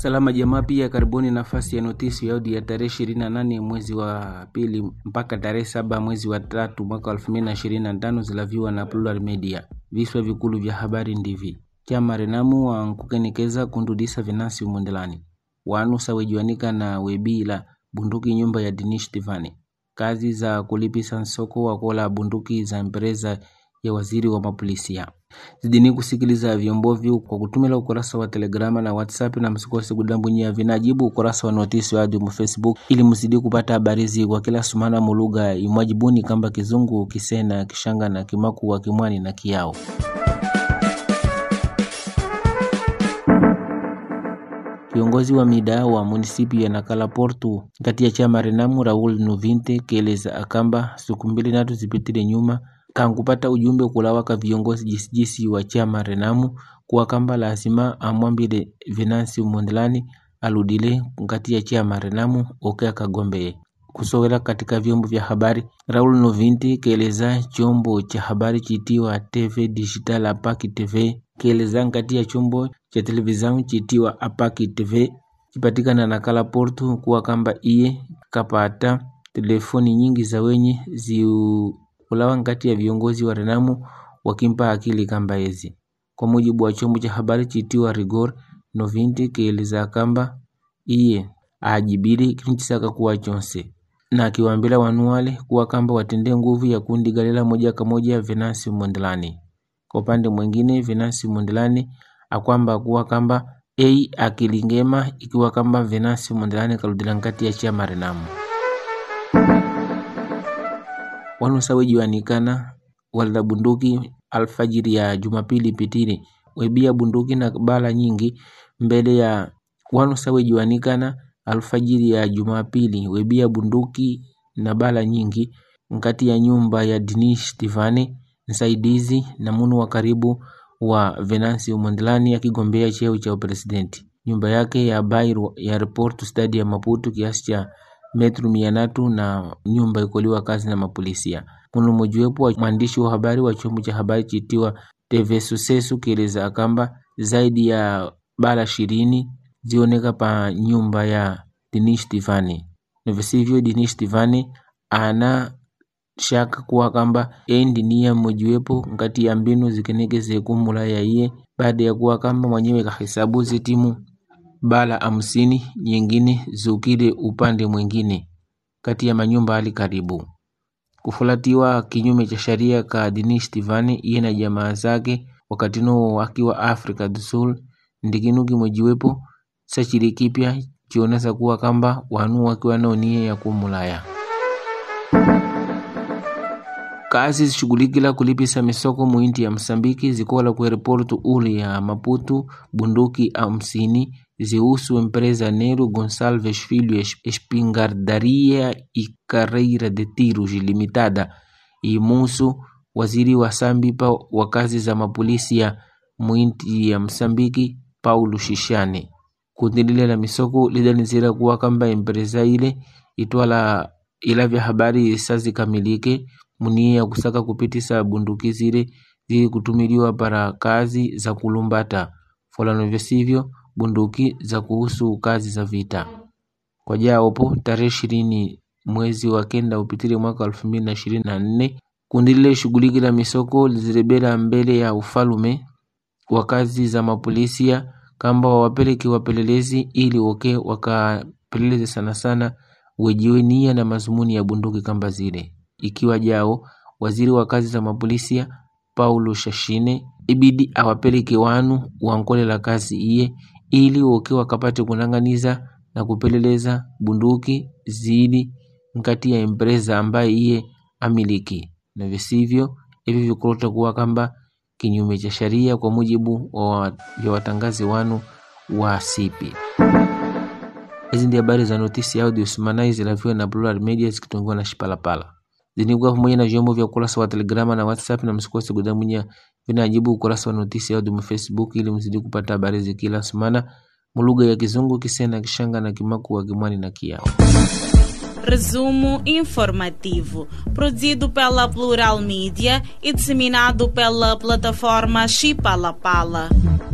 Salama jamaa pia karibuni nafasi ya notisi ya audio ya tarehe 28 mwezi wa pili mpaka tarehe saba mwezi wa tatu mwaka 2025 zilaviwa na Plural Media. Viswa vikulu vya habari ndivi chama renamu kundu kundudisa vinasi umwendelani wanu sawejiwanika na webila bunduki nyumba ya Dinish Tivani kazi za kulipisa nsoko wakola bunduki za mpereza ya Waziri wa Mapolisia. Zidini kusikiliza vyombo vyu kwa kutumila ukurasa wa Telegrama na WhatsApp na msikose kudambunyia vinajibu ukurasa wa notisi wa mu Facebook ili mzidi kupata habarizi kwa kila sumana mulugha imwajibuni kamba Kizungu, Kisena, Kishanga na wa Kimwani na Kiao. Kiongozi wa mida wa munisipi ya Nakala Portu kati ya chama Renamu Raul Nuvinte keleza akamba siku mbili natu zipitile nyuma Kankupata ujumbe kulawaka viongozi jisijisi wa chama Renamo kuwa kamba asima amwambile Venansi Mondlane aludile nkati ya chama Renamo okea kagombeye kusowela katika vyombo vya habari Raul Novinti keleza chombo cha habari chitiwa TV Digital Apaki TV keleza nkati ya chombo cha televizao chitiwa Apaki TV na nakala portu kuwa kamba iye kapata telefoni nyingi za wenye ziu Ulawan kati ya viongozi wa renamu wakimpa akili ezi Kwa mujibu wa chombo cha habari chitiwa Rigor Novinti kieleza kamba iye ajibiri kinichisaka kuwa chonse na akiwambila wanuwale kuwa kamba watende nguvu ya kundi galela moja kwa moja Venansi Kwa upande mwingine Venansi Mondelani akwamba kuwa kamba ei akilingema ikiwa kamba Venansi Mondelani kaludila nkati ya chama Renamo. Wano wejiwanikana walda bunduki alfajiri ya jumapili pitiri webia bunduki na bala nyingi mbele ya wano wejiwanikana alfajiri ya jumapili webia bunduki na bala nyingi nkati ya nyumba ya Dinish Stivani msaidizi na munu wa karibu wa Venancio Mondlane akigombea cheo cha upresidenti. Nyumba yake ya Bairro ya report stadi ya maputu kiasi cha metru mia na nyumba ikoliwa kazi na mapolisia. Mulumujiwepo wa mwandishi wa habari wa chombo cha habari chitiwa Susesu kieleza akamba zaidi ya bala shirini zioneka pa nyumba ya Dinish Tivani nivisivyo Dinish Tivani ana shaka kuwa kamba endi niya mmojiwepo ngati ya mbinu zikeneke zekumula iye baada ya kuwa kamba mwenyewe kahesabu zitimu Bala hamsini nyingine zukile upande mwingine kati ya manyumba ali karibu kufulatiwa kinyume cha sharia ka Dini Stivani iye na jamaa zake wakati wakatinuwo akiwa Africa du Sul ndikinuki mwejiwepo sachili kipya chionesa kuwa kamba wanu wakiwa nao nia ya kumulaya kazi zishughulikila kulipisa misoko muinti ya Msambiki zikola ku aeroportu uli ya maputu bunduki amsini zihusu empresa Nero Gonçalves Filho espingardaria y carreira de tiros limitada imusu waziri wa sambipa wa kazi za mapolisi ya muinti ya Msambiki Paulo Xixane kundi lile la misoko lidanizira kuwa kamba empresa ile itwala ilavya habari sazikamilike ya kusaka kupitisa bunduki zile zili kutumiliwa para kazi za kulumbata folano vyasivyo bunduki za kuhusu kazi za vita kwa jaopo tarehe ishirini mwezi wa kenda upitile mwaka elfu mbili na ishirini na nne kundi lile la misoko lizirebela mbele ya ufalume wa kazi za mapolisia kamba wawapeleki wapelelezi ili woke wakapeleleze sana sana wejiwe nia na mazumuni ya bunduki kamba zile ikiwa jao waziri wa kazi za mapolisia Paulo Shashine ibidi awapeleke wanu wankolela la kazi iye ili woke wakapate kunang'aniza na kupeleleza bunduki zidi nkati ya empresa ambaye iye amiliki na visivyo ivi vikurota kuwa kamba kinyume cha sharia kwa mujibu wa watangazi wanu wa sipi hizi ndi habari za notisi audio simanizi na Plural Media zikitongoa na Shipalapala zilikuwa pamoja na vyombo vya ukurasa wa telegrama na WhatsApp na msikose kudhamunia vinajibu ukurasa wa Notice Audio mu Facebook ili mzidi kupata habari za kila sumana mulugha ya Kizungu, Kisena, Kishanga na kimaku wa Kimwani na Kiao. Resumo informativo, produzido pela Plural Mídia e disseminado pela plataforma Chipala Pala.